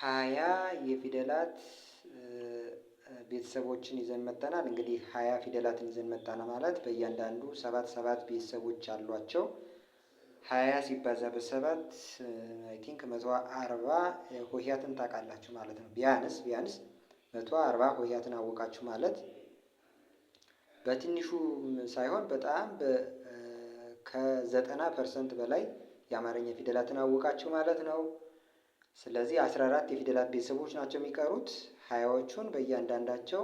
ሀያ የፊደላት ቤተሰቦችን ይዘን መጥተናል። እንግዲህ ሀያ ፊደላትን ይዘን መጣን ማለት በእያንዳንዱ ሰባት ሰባት ቤተሰቦች አሏቸው። ሀያ ሲባዛ በሰባት አይ ቲንክ መቶ አርባ ሆሄያትን ታውቃላችሁ ማለት ነው። ቢያንስ ቢያንስ መቶ አርባ ሆሄያትን አወቃችሁ ማለት በትንሹ ሳይሆን በጣም ከዘጠና ፐርሰንት በላይ የአማርኛ ፊደላትን አወቃችሁ ማለት ነው። ስለዚህ አስራ የፊደላት ቤተሰቦች ናቸው የሚቀሩት። ሀያዎቹን በእያንዳንዳቸው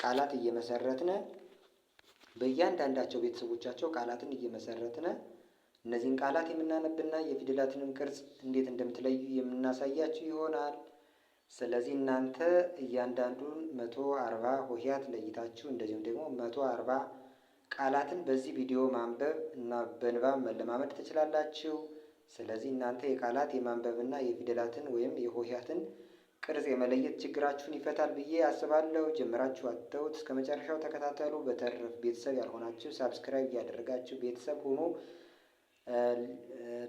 ቃላት እየመሰረትነ በእያንዳንዳቸው ቤተሰቦቻቸው ቃላትን እየመሰረትነ እነዚህን ቃላት የምናነብና የፊደላትንም ቅርጽ እንዴት እንደምትለዩ የምናሳያችሁ ይሆናል። ስለዚህ እናንተ እያንዳንዱን መቶ አርባ ሆሄያት ለይታችሁ እንደዚሁም ደግሞ መቶ አርባ ቃላትን በዚህ ቪዲዮ ማንበብ እና በንባብ መለማመድ ትችላላችሁ። ስለዚህ እናንተ የቃላት የማንበብና የፊደላትን ወይም የሆሄያትን ቅርጽ የመለየት ችግራችሁን ይፈታል ብዬ አስባለሁ። ጀምራችሁ አትተውት፣ እስከ መጨረሻው ተከታተሉ። በተረፍ ቤተሰብ ያልሆናችሁ ሳብስክራይብ እያደረጋችሁ ቤተሰብ ሆኖ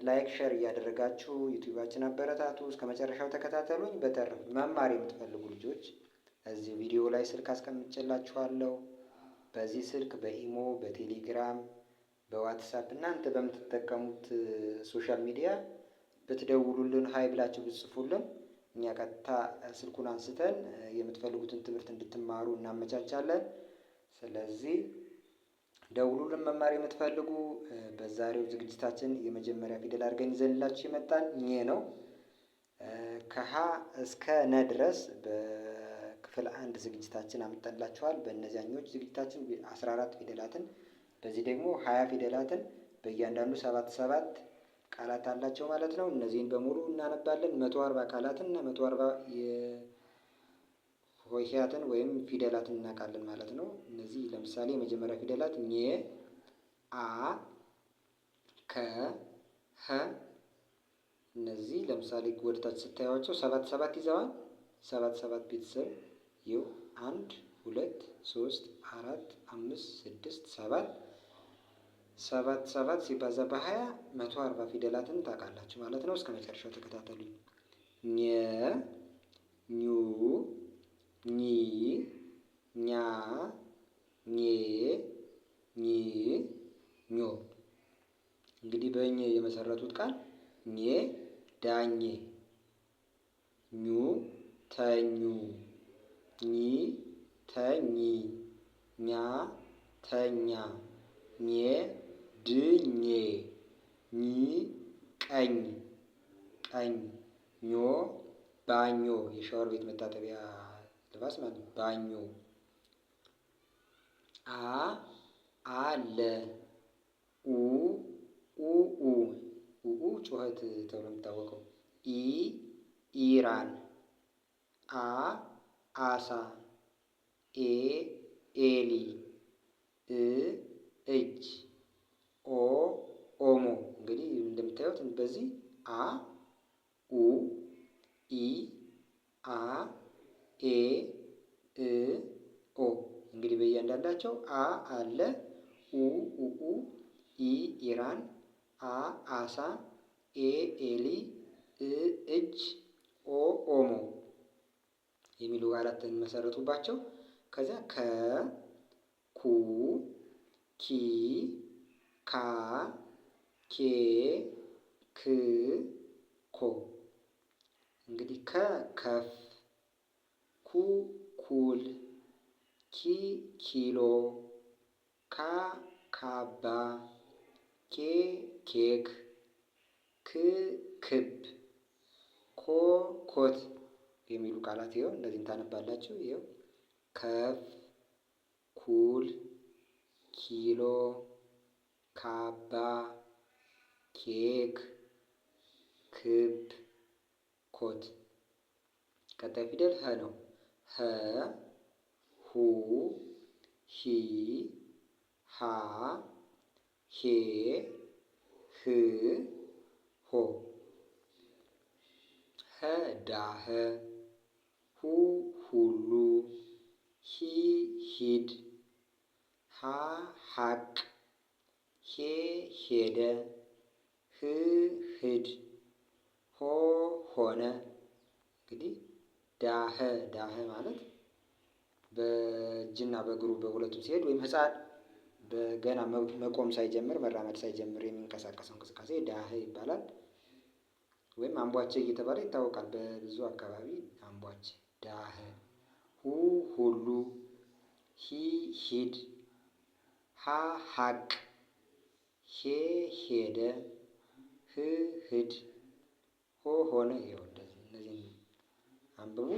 ላይክ፣ ሸር እያደረጋችሁ ዩቲዩባችን አበረታቱ። እስከ መጨረሻው ተከታተሉኝ። በተረፍ መማር የምትፈልጉ ልጆች እዚህ ቪዲዮ ላይ ስልክ አስቀምጭላችኋለሁ። በዚህ ስልክ በኢሞ በቴሌግራም በዋትሳፕ እናንተ በምትጠቀሙት ሶሻል ሚዲያ ብትደውሉልን ሀይ ብላችሁ ብትጽፉልን እኛ ቀጥታ ስልኩን አንስተን የምትፈልጉትን ትምህርት እንድትማሩ እናመቻቻለን። ስለዚህ ደውሉልን መማር የምትፈልጉ። በዛሬው ዝግጅታችን የመጀመሪያ ፊደል አድርገን ይዘንላችሁ የመጣን ኘ ነው። ከሀ እስከ ነ ድረስ በክፍል አንድ ዝግጅታችን አምጠላችኋል። በእነዚያኞች ዝግጅታችን አስራ አራት ፊደላትን በዚህ ደግሞ ሀያ ፊደላትን በእያንዳንዱ ሰባት ሰባት ቃላት አላቸው ማለት ነው። እነዚህን በሙሉ እናነባለን። መቶ አርባ ቃላትን እና መቶ አርባ የሆሄያትን ወይም ፊደላትን እናውቃለን ማለት ነው። እነዚህ ለምሳሌ የመጀመሪያ ፊደላት ኘ፣ አ፣ ከ፣ ኸ እነዚህ ለምሳሌ ወደታች ስታያቸው ሰባት ሰባት ይዘዋል። ሰባት ሰባት ቤተሰብ ይኸው አንድ ሁለት ሶስት አራት አምስት ስድስት ሰባት ሰባት ሰባት ሲባዛ በሀያ መቶ አርባ ፊደላትን ታውቃላችሁ ማለት ነው። እስከ መጨረሻው ተከታተሉ። ኘ ኙ ኚ ኛ ኜ ኚ ኞ። እንግዲህ በኘ የመሰረቱት ቃል ኘ ዳኘ፣ ኙ ተኙ፣ ኚ ተኚ፣ ኛ ተኛ፣ ኜ ድኜ ኝ ቀኝ ቀኝ ኞ ባኞ የሻወር ቤት መታጠቢያ ልባስ ማለት ነው። ባኞ አ አለ ኡ ኡ ኡኡ ጩኸት ተብሎ የሚታወቀው ኢ ኢራን አ አሳ ኤ ኤሊ እ እጅ ኦ ኦሞ እንግዲህ እንደምታዩት በዚህ አ ኡ ኢ አ ኤ እ ኦ እንግዲህ በእያንዳንዳቸው አ አለ ኡ ኡኡ ኢ ኢራን አ አሳ ኤ ኤሊ እ እጅ ኦ ኦሞ የሚሉ ቃላት መሰረቱባቸው። ከዛ ከ ኩ ኪ ካ ኬ ክ ኮ እንግዲህ ከ ከፍ ኩ ኩል ኪ ኪሎ ካ ካባ ኬ ኬክ ክ ክብ ኮ ኮት የሚሉ ቃላት ይኸው እነዚህን ታነባላችሁ። ይኸው ከፍ ኩል ኪሎ ካባ፣ ኬክ፣ ክብ፣ ኮት። ቀጣይ ፊደል ሀ ነው። ሀ ሁ ሂ ሃ ሄ ህ ሆ ሀ ዳህ ሁ ሁሉ ሂ ሂድ ሃ ሀቅ ሄ ሄደ፣ ህ ሂድ፣ ሆ ሆነ። እንግዲህ ዳኸ ዳኸ ማለት በእጅና በእግሩ በሁለቱም ሲሄድ ወይም ህፃን በገና መቆም ሳይጀምር መራመድ ሳይጀምር የሚንቀሳቀሰው እንቅስቃሴ ዳኸ ይባላል። ወይም አምቧቸ እየተባለ ይታወቃል። በብዙ አካባቢ አምቧቸ ዳኸ። ሁ ሁሉ፣ ሂ ሂድ፣ ሀ ሀቅ ሄ ሄደ፣ ህ ህድ ሆ ሆነ። ይኸው እንደዚህ እነዚህን አንብቡ።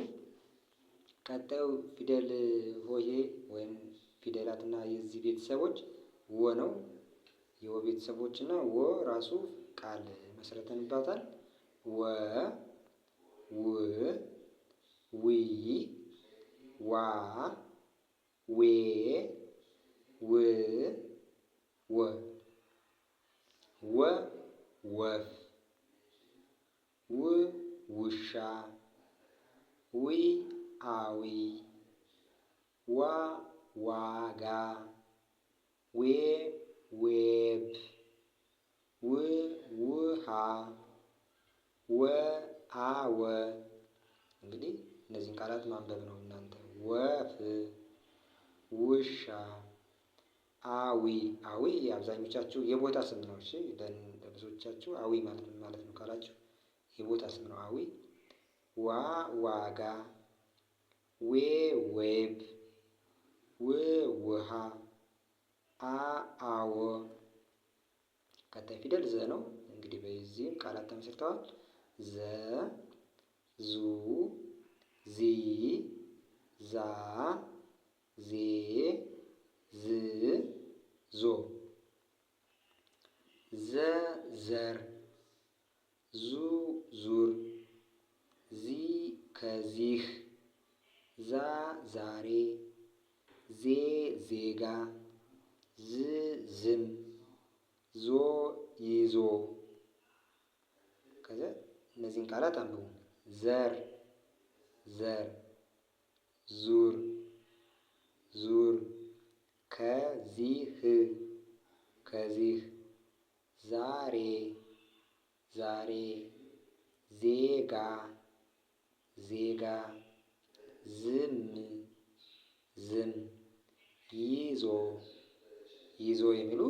ቀጣዩ ፊደል ሆሄ ወይም ፊደላትና የዚህ ቤተሰቦች ወ ነው። የወ ቤተሰቦች እና ወ ራሱ ቃል መሰረተንባታል። ወ ው ዊ ዋ ዌ ው ወ ወ ወፍ ው ውሻ ዊ አዊ ዋ ዋጋ ዌ ዌብ ው ውሃ ወ አወ እንግዲህ እነዚህን ቃላት ማንበብ ነው እናንተ ወፍ ውሻ አዊ አዊ አብዛኞቻችሁ የቦታ ስም ነው። እሺ ለብዙዎቻችሁ አዊ ማለት ማለት ነው ካላችሁ የቦታ ስም ነው አዊ። ዋ ዋጋ፣ ዌ ዌብ፣ ው ውሃ፣ አ አዎ። ቀጣይ ፊደል ዘ ነው። እንግዲህ በዚህም ቃላት ተመስርተዋል። ዘ ዙ ዚ ዛ ዜ ዝ ዞ ዘ ዘር ዙ ዙር ዚ ከዚህ ዛ ዛሬ ዜ ዜጋ ዝ ዝም ዞ ይዞ ከዚ እነዚህን ቃላት አንብቡ። ዘር ዘር ዙር ዙር ከዚህ ከዚህ ዛሬ ዛሬ ዜጋ ዜጋ ዝም ዝም ይዞ ይዞ የሚሉ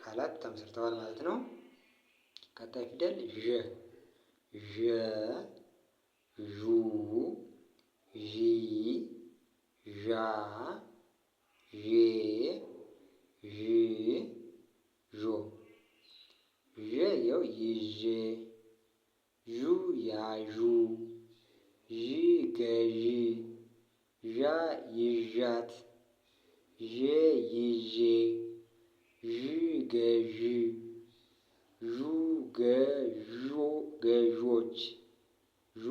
ቃላት ተመስርተዋል ማለት ነው። ቀጣይ ፊደል ዠ ዠ ዡ ዢ ዣ ዤ ዥ ዦ ዠ ያው ይዤ ዡ ያዡ ዢ ገዢ ዣ ይዣት ዤ ይዤ ዥ ገዢ ዡ ገዦ ገዦች ዦ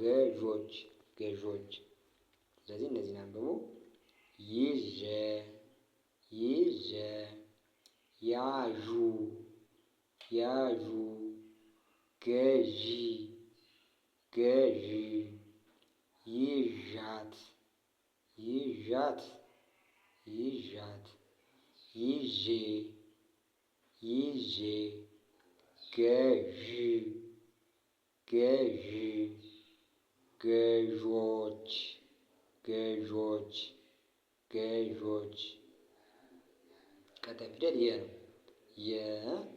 ገዦች ገዦች ስለዚህ እነዚህን አንብቡ Yeje, Yeje, Yajou, Yajou, keji keji ijat ijat ijat Yeje, Yeje, Geji, Geji, Gejote, Gejote. Gay Cadê a pidariyan. yeah.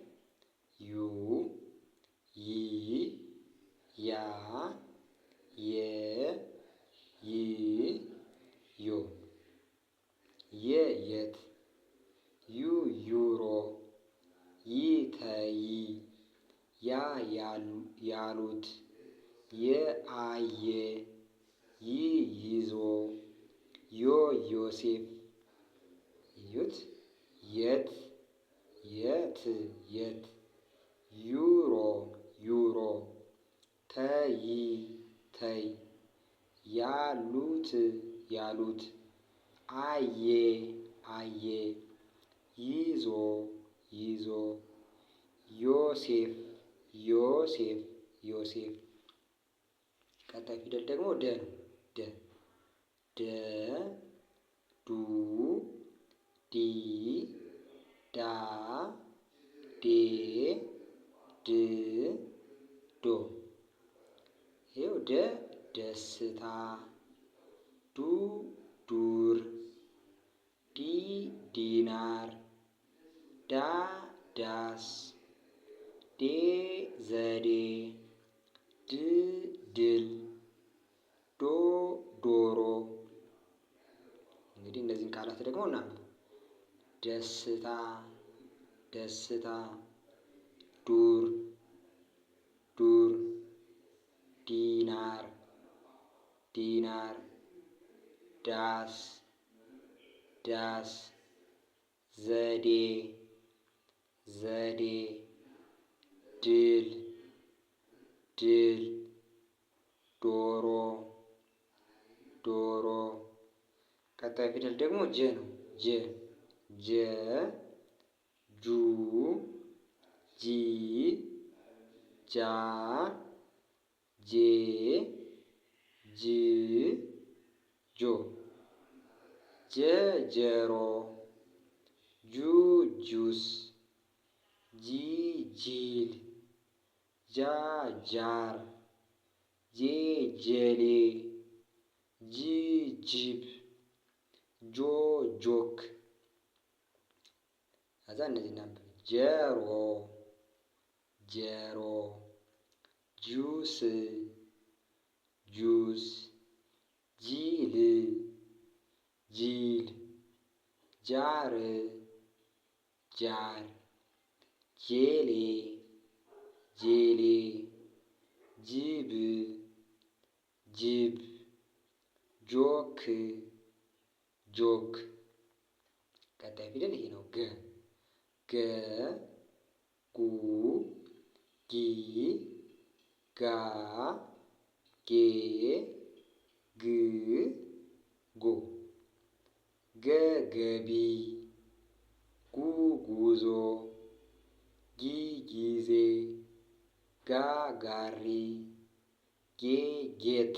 ዮሴፍ ዮሴፍ ዮሴፍ። ቀጣይ ፊደል ደግሞ ደ ነው። ደ ደ ዱ ዲ ዳ ዴ ድ ዶ። ይኸው ደ ደስታ፣ ዱ ዱር፣ ዲ ዲናር፣ ዳ ዳስ ዴ ዘዴ ድ ድል ዶ ዶሮ እንግዲህ እነዚህን ቃላት ደግሞ እናንብ። ደስታ ደስታ ዱር ዱር ዲናር ዲናር ዳስ ዳስ ዘዴ ዘዴ ድል ድል ዶሮ ዶሮ ቀጣይ ፊደል ደግሞ ጀ ነው። ጀ ጀ ጁ ጂ ጃ ጄ ጅ ጆ ጀ ጀሮ ጁ ጁስ ጃር፣ ጄ ጄሌ፣ ጂ ጂብ፣ ጆ ጆክ ከዛ እነዚህ ናቸው። ጀሮ ጀሮ፣ ጁስ ጁስ፣ ጂል ጂል፣ ጃር ጃር፣ ጄሌ ጄሌ ጅብ ጅብ ጆክ ጆክ ቀጣይ ፊደል ይሄ ነው። ገ ገ ጉ ጊ ጋ ጌ ግ ጎ ገገቢ ጉጉዞ ጊ ጊዜ ጋጋሪ ጌጌጥ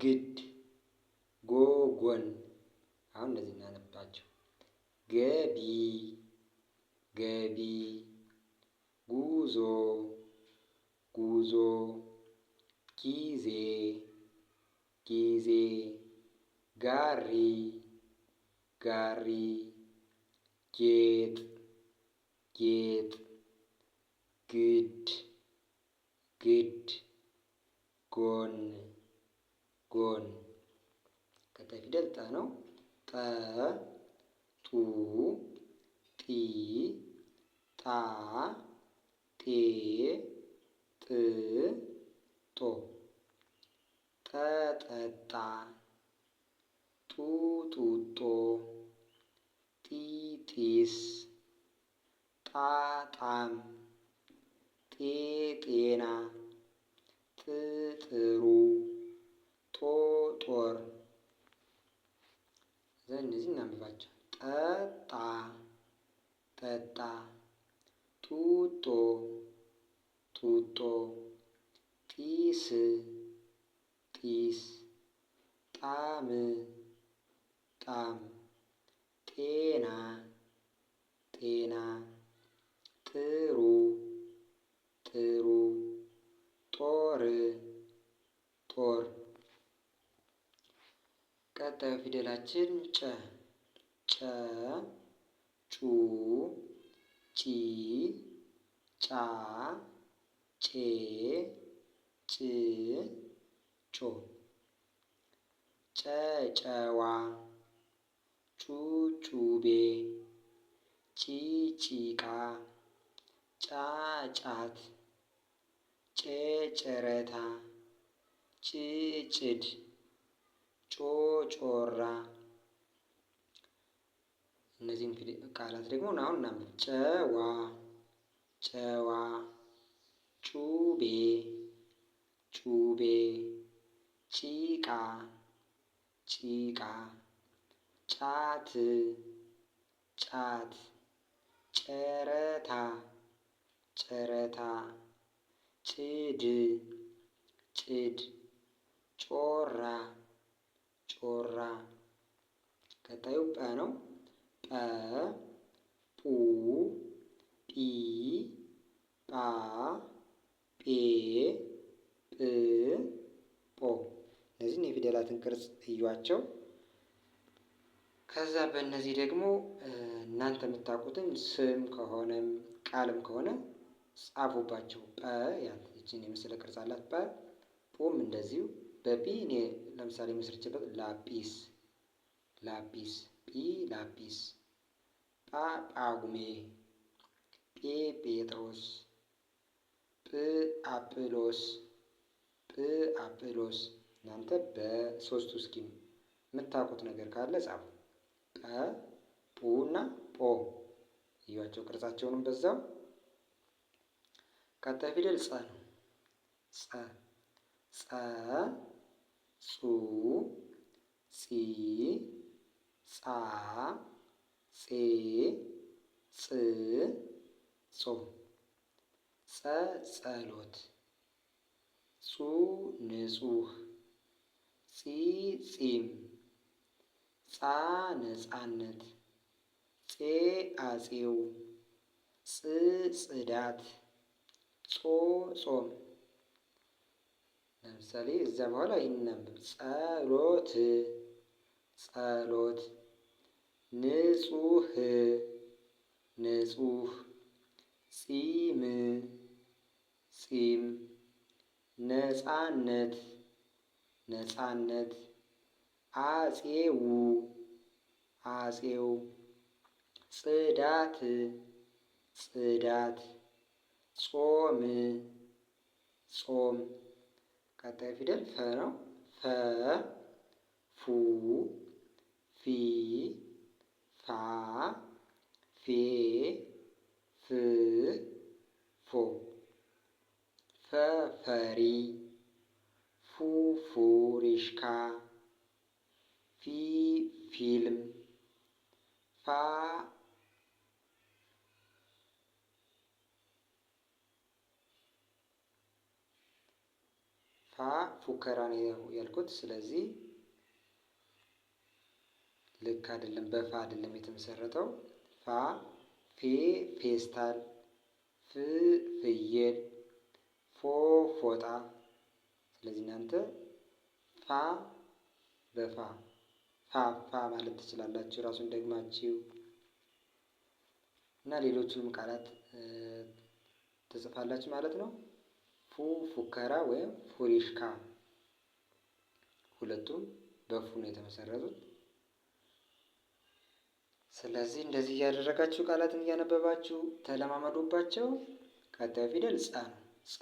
ግግድ ጎጎን አሁን እንደዚህ እናነባቸው። ገቢ ገቢ ጉዞ ጉዞ ጊዜ ጊዜ ጋሪ ጋሪ ጌጥ ጌጥ ግድ ግድ ጎን ጎን ቀጣይ ፊደል ጠ ነው። ጠ ጡ ጢ ጣ ጤ ጥ ጦ ጠጠጣ ጡ ጡጦ ጢ ጢስ ጤጤና ጥጥሩ ጦጦር ዘን እነዚህ እናንብባቸው። ጠጣ ጠጣ ጡጦ ጡጦ ጢስ ጢስ ጣም ጣም ጤና ጤና ጥሩ ጥሩ ጦር ጦር ቀጣዩ ፊደላችን ጨ ጨ ጩ ጪ ጫ ጬ ጭ ጮ ጨጨዋ ጩጩቤ ጪጪቃ ጫጫት ጨጨረታ፣ ጭጭድ፣ ጮጮራ እነዚህ እንግዲህ ቃላት ደግሞ አሁን እናንብብ። ጨዋ፣ ጨዋ፣ ጩቤ፣ ጩቤ፣ ጭቃ፣ ጭቃ፣ ጫት፣ ጫት፣ ጨረታ፣ ጨረታ ጭድ ጭድ ጮራ ጮራ ቀጣዩ ጰ ነው። ጰ ጱ ጲ ጳ ጴ ጵ ጶ እነዚህን የፊደላትን ቅርጽ እዩዋቸው። ከዛ በእነዚህ ደግሞ እናንተ የምታውቁትን ስም ከሆነም ቃልም ከሆነ ጻፉባቸው ጰ ያለ ይችን የመሰለ ቅርጽ አላት ጰ ጶም እንደዚሁ በጲ እኔ ለምሳሌ መስርችበት ላጲስ ላጲስ ጲ ላጲስ ጳ ጳጉሜ ጴ ጴጥሮስ ጵ አጵሎስ ጵ አጵሎስ እናንተ በሶስቱ እስኪ የምታውቁት ነገር ካለ ጻፉ ጰ ጱ እና ጶ እዩዋቸው ቅርጻቸውንም በዛው ቀጣይ ፊደል ፀ ነው። ፀ ፀ ጹ ጺ ጻ ጼ ጽ ጾ ፀ ጸሎት ጹ ንጹህ ጺ ጺም ፃ ነፃነት ፄ አፄው ጽ ጽዳት ጾ ጾም ለምሳሌ እዛ በኋላ ይነበብ ጸሎት ጸሎት ንጹህ ንጹህ ጺም ጺም ነጻነት ነጻነት አጼው አጼው ጽዳት ጽዳት ጾም ጾም ቀጣይ ፊደል ፈ ነው። ፈ ፉ ፊ ፋ ፌ ፍ ፎ ፈፈሪ ፉ ፉሪሽካ ፊ ፊልም ፋ ፉከራ ነው ያልኩት። ስለዚህ ልክ አይደለም። በፋ አይደለም የተመሰረተው። ፋ ፌ ፌስታል፣ ፍ ፍየል፣ ፎ ፎጣ። ስለዚህ እናንተ ፋ በፋ ፋ ፋ ማለት ትችላላችሁ ራሱን ደግማችሁ እና ሌሎቹንም ቃላት ትጽፋላችሁ ማለት ነው። ፉ ፉከራ ወይም ፉሪሽካ ሁለቱም በፉ ነው የተመሰረቱት። ስለዚህ እንደዚህ እያደረጋችሁ ቃላትን እያነበባችሁ ተለማመዱባቸው። ቀጣዩ ፊደል ጸ ነው። ጸ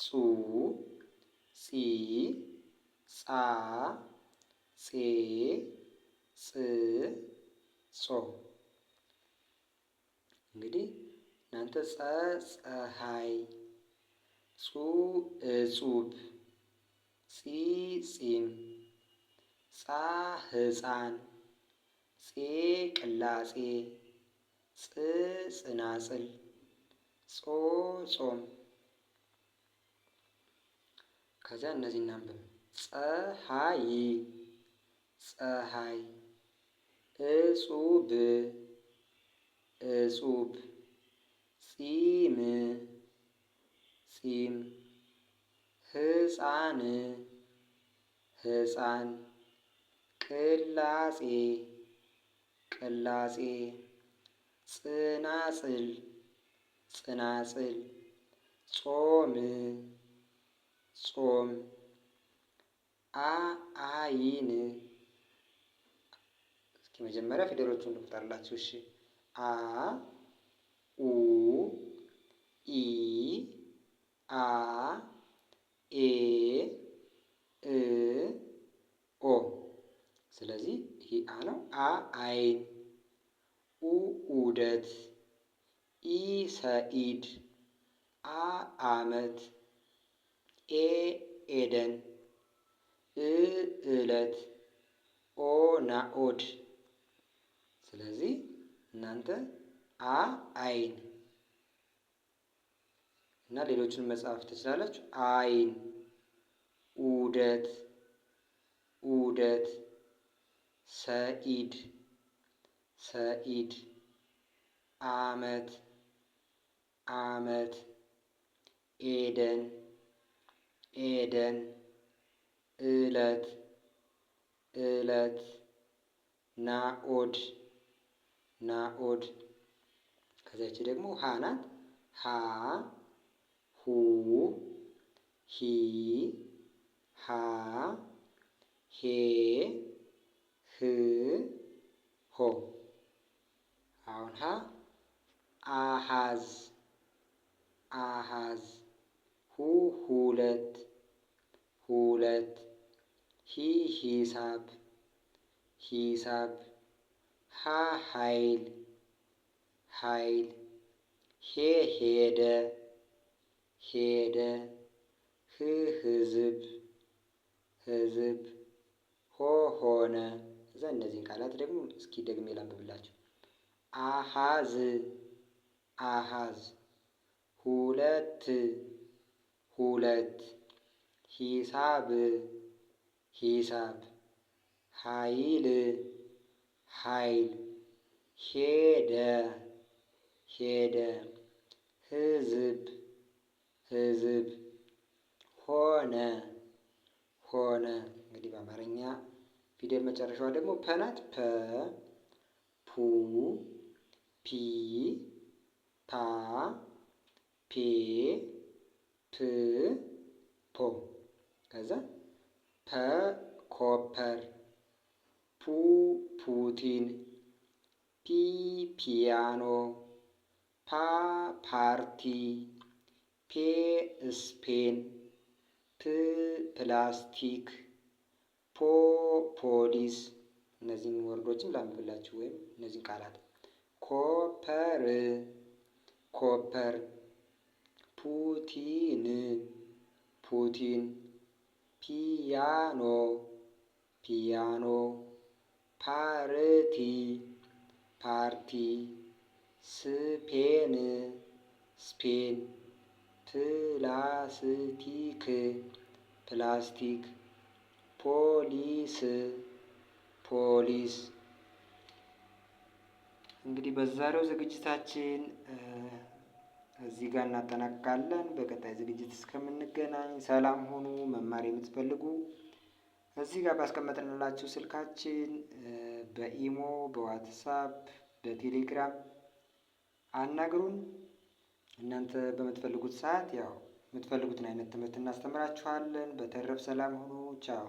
ጸ ጹ ጺ ጻ ጼ ጽ ጾ እንግዲህ እናንተ ጸ ፀሐይ ጹ እጹብ ፂፂን ፃ ህፃን ፄ ቅላፄ ፅ ጽናጽል ጾ ጾም ከዚያ እነዚህ እናንብብ። ፀሐይ ፀሐይ እጹብ እጹብ ፂም ፂም ህፃን ህፃን ቅላጼ ቅላጼ ጽናጽል ጽናጽል ጾም ጾም አአይን እስኪ መጀመሪያ ፊደሎቹን ልቁጠርላችሁ። እሺ አ አይን ኡ ኡደት ኢ ሰኢድ አ አመት ኤ ኤደን እ እለት ኦ ናኦድ ስለዚህ እናንተ አ አይን እና ሌሎችን መጽሐፍ ትችላላችሁ። አይን ኡደት ኡደት ሰኢድ ሰኢድ አመት አመት ኤደን ኤደን እለት እለት ናኦድ ናኦድ ከዚያች ደግሞ ሀ ናት። ሀ ሁ ሂ ሃ ሄ ህ ሆ አሁን ሀ አሃዝ አሃዝ ሁ ሁለት ሁለት ሂ ሂሳብ ሂሳብ ሀ ሀይል ሀይል ሄ ሄደ ሄደ ህ ህዝብ ህዝብ ሆ ሆነ እዛ እነዚህን ቃላት ደግሞ እስኪ ደግሜ ላንብብላችሁ አሃዝ አሃዝ ሁለት ሁለት ሂሳብ ሂሳብ ኃይል ኃይል ሄደ ሄደ ህዝብ ህዝብ ሆነ ሆነ እንግዲህ በአማርኛ ፊደል መጨረሻዋ ደግሞ ፐናት ፐ ፑ ፒ ፓ ፔ ፕ ፖ ከዛ ፐ ኮፐር ፑ ፑቲን ፒ ፒያኖ ፓ ፓርቲ ፔ ስፔን ፕ ፕላስቲክ ፖ ፖሊስ እነዚህን ወርዶችን ላንብብላችሁ ወይም እነዚህን ቃላት ኮፐር ኮፐር ፑቲን ፑቲን ፒያኖ ፒያኖ ፓርቲ ፓርቲ ስፔን ስፔን ፕላስቲክ ፕላስቲክ ፖሊስ ፖሊስ እንግዲህ በዛሬው ዝግጅታችን እዚህ ጋር እናጠናቅቃለን። በቀጣይ ዝግጅት እስከምንገናኝ ሰላም ሆኑ። መማር የምትፈልጉ እዚህ ጋር ባስቀመጥንላችሁ ስልካችን በኢሞ፣ በዋትሳፕ፣ በቴሌግራም አናግሩን። እናንተ በምትፈልጉት ሰዓት ያው የምትፈልጉትን አይነት ትምህርት እናስተምራችኋለን። በተረፍ ሰላም ሆኑ። ቻው